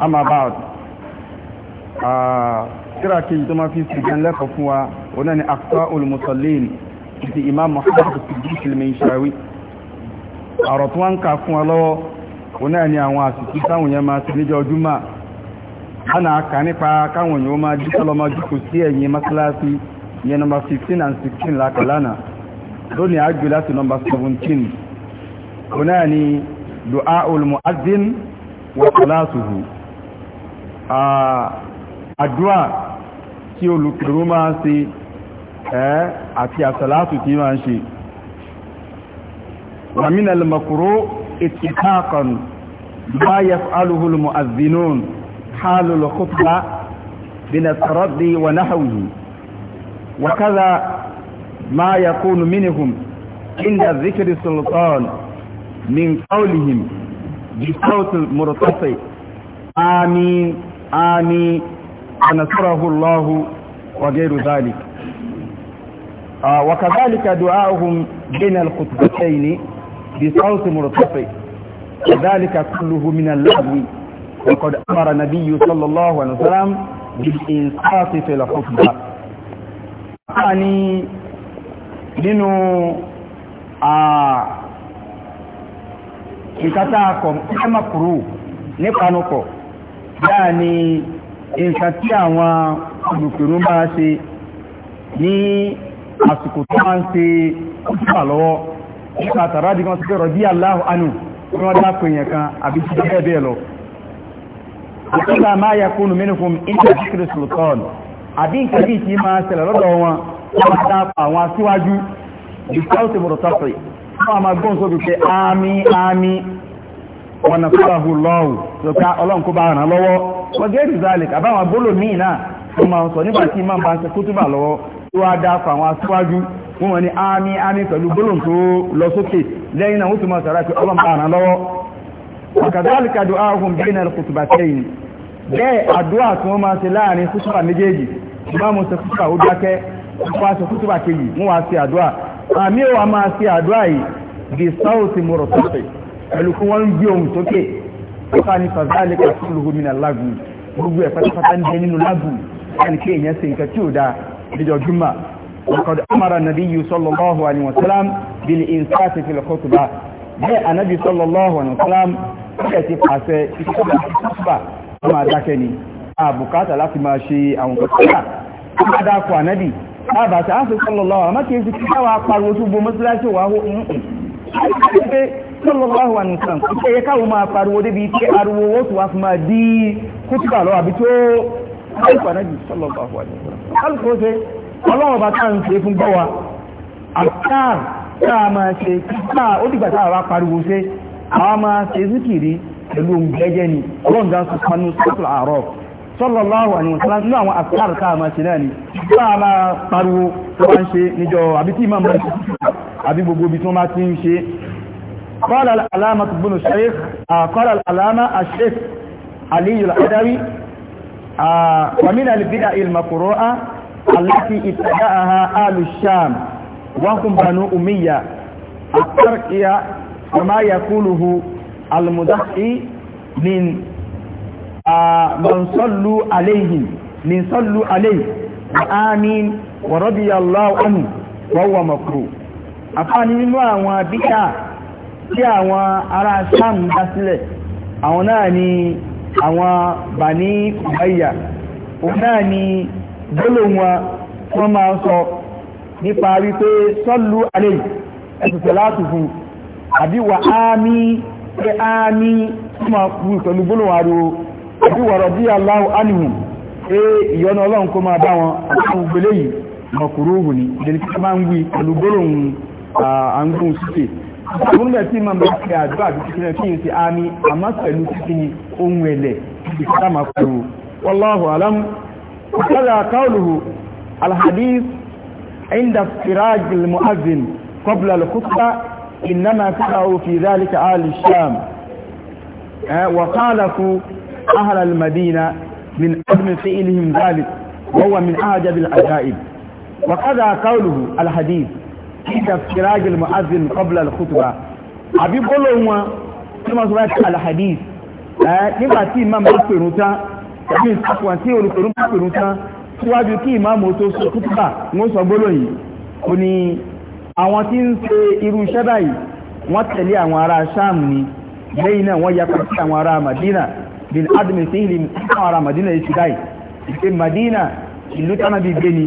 amma about ah, kíra kí tó máa fi ṣùgbọ́n lẹ́kọ̀ọ́ fún wa oná ni akhtaul musallin ti imam muhammad siddiq al-minshawi ọ̀rọ̀ tó wá ń ka fún wa lọ́wọ́ oná ni àwọn àsìkí táwọn yẹn máa ti níjọ́ ọdúnmà ana aka nípa káwọn yóò máa jí tọ́lọ́mọ jùkú sí ẹ̀yìn mọ́sálásí yẹn nọmba 15 and 16 lákàlánà lónìí àjò láti nọmba 17 oná ni du'a ul mu'azzin wa àdúrà tí olùpẹ̀rún máa ń ṣe ẹ́ àti àsàlátù tí máa ń ṣe wàmínà lèmọ̀kúrò ìtìkákan bá yẹ alùhùlùmọ̀ azinun hálùlọ̀kútà bí na tàrọ́dì wà náhàwì wàkádà ما يكون inda عند sultan min من bi بصوت مرتفع amin ani ونصره الله وغير ذلك آه وكذلك دعاؤهم بين الخطبتين بصوت مرتفع ذلك كله من اللغو وقد أمر النبي صلى الله عليه وسلم بالإنصات في الخطبة يعني nínú àà ìkátà akọ̀ ẹmàkùrù nípanukọ̀ dáa ni nǹkan tí àwọn olùpèrú ń bá ṣe ní àsìkò tó máa ń ṣe kúrúkà lọ́wọ́ nípa tàràdì kan sípẹ́ rọ̀dí aláhù anù tí wọ́n dápò èèyàn kan àbí ti bẹ́ẹ̀ bẹ́ẹ̀ lọ ìtọ́lá máa yẹ kúnnù mínúkún ìtàkìrì sultan àbí nǹkan bí ti máa ṣẹlẹ̀ lọ́dọ̀ wọn wọ́n dápò àwọn aṣíwájú ìtọ́sí mọ̀rọ̀tọ́sí wọ́n máa gbọ́n sóbi pé àmì wọn na fúláhù lọ́wù tó ká ọlọ́run kó bá ràn lọ́wọ́ wọ́n gẹ́rì zalik àbáwọn bólò míì náà tó máa sọ nígbà tí imam bá ń ṣe kútúbà lọ́wọ́ tó wá dá fún àwọn aṣíwájú wọ́n wọ́n ní àmì àmì pẹ̀lú bólò tó lọ sókè lẹ́yìn náà wọ́n tó máa sọ̀rọ̀ pé ọlọ́run bá ràn lọ́wọ́ wàkàdálìkà dùn áhùn bẹ́ẹ̀nà kùtùbà tẹ́yìn bẹ́ẹ̀ àdúrà tí wọ́n máa ṣe láàrin kútùbà méjèèjì ìbámu ṣe kútùbà ó dákẹ́ wọ́n ṣe kútùbà kejì wọ́n wá ṣe àdúrà àmì ò wá máa ṣe àdúrà yìí bí sáwùsì mọ̀rọ̀ tọ́pẹ̀ pẹ̀lú kí wọ́n ń gbé ohun tókè ọ̀fà ní fàzálì kàtún lóhùnmínà lágùn gbogbo ẹ̀ pátápátá ń bẹ nínú lágùn láti kí èèyàn ṣe nǹkan tí ò dáa níjọ́ júmà وقد أمر النبي صلى الله عليه وسلم بالإنصات في الخطبة بي النبي صلى الله عليه وسلم kẹ́ẹ̀tí pàṣẹ ìṣẹ́lẹ̀pà wọ́n máa dákẹ́ ni àbùkátà láti máa ṣe àwọn kọ̀kọ́lá máa dákọ̀ ànábì kí káwàá pariwo túbọ̀ mọ́sílẹ́ṣẹ́ wà ó ń sallallahu alaihi wasallam ìṣe yẹ káwọn máa pariwo débi tí ariwo wọ́n tún wá fi máa di kútùbà lọ àbí tó alùpàá náà jù sallallahu alaihi wasallam alùpàá ṣe ọlọ́wọ́ bá tá à ń ṣe fún gbọ́wa àtàr tá a máa ṣe kíkà ó dìgbà tá a wá pariwo ṣe àwọn máa ṣe zikiri pẹ̀lú ohun gẹ́gẹ́ ni ọlọ́run dá sọ panu sọ́tùlà àárọ̀ sallallahu alaihi wasallam ní àwọn àtàrù káà máa ṣe náà ni káà máa pariwo tó wá ń ṣe níjọ àbí tí ìmáàmù ṣe àbí gbogbo ibi tí wọ́n bá ti ń ṣe قال العلامة بن الشيخ قال العلامة الشيخ علي العدوي آه ومن البدع المقروءة التي ابتدأها آل الشام وهم بنو أمية التركية وما يقوله المدحي من آه من صلوا عليه من صلوا عليه وآمين ورضي الله عنه وهو مكروه أفاني من وعن tí àwọn ará sam dá sílẹ̀ àwọn náà ni àwọn bani umayya òun náà ni gbólóhùn wọn wọ́n sọ nípa wípé sọ́lù alẹ́ ẹ̀sùsẹ̀ láti fún pé ámì túnmà wù pẹ̀lú àbí wà rọ̀bí Allahu anhum pé ìyọ́nà ọlọ́run kó máa bá wọn pẹ̀lú nígbà tí ma máa ṣe àdúrà àti kíkiri kí n ṣe àmì àmá pẹ̀lú kíkiri ohun ẹ̀lẹ̀ ibi tí a máa kúrò wallahu alam kọ́lá káwùlù alhadis inda firaj al-mu'azzin qabla al-khutba inama karahu fi dhalika ahli sham wa khalafu ahli al-madina min admi fi'lihim dhalik wa huwa min ajab al-ajaib wa qada qawluhu al-hadith inda firajil mu'azzin qabla al-khutbah àbí gbólóhùn wọn tí wọ́n sọ bá ti al-hadith nígbà tí imam bá pèrún tán tàbí ìsàkùn àti olùpèrún bá pèrún tán síwájú kí imam tó sọ kútùbà ń sọ gbólóhùn yìí ó ní àwọn tí ń ṣe irú iṣẹ́ báyìí wọ́n tẹ̀lé àwọn ará sham ni lẹ́yìn náà wọ́n yapa sí àwọn ará madina bin admin sí ìlú àwọn ará madina yìí ti báyìí ìpè madina ìlú tánábì gbé ni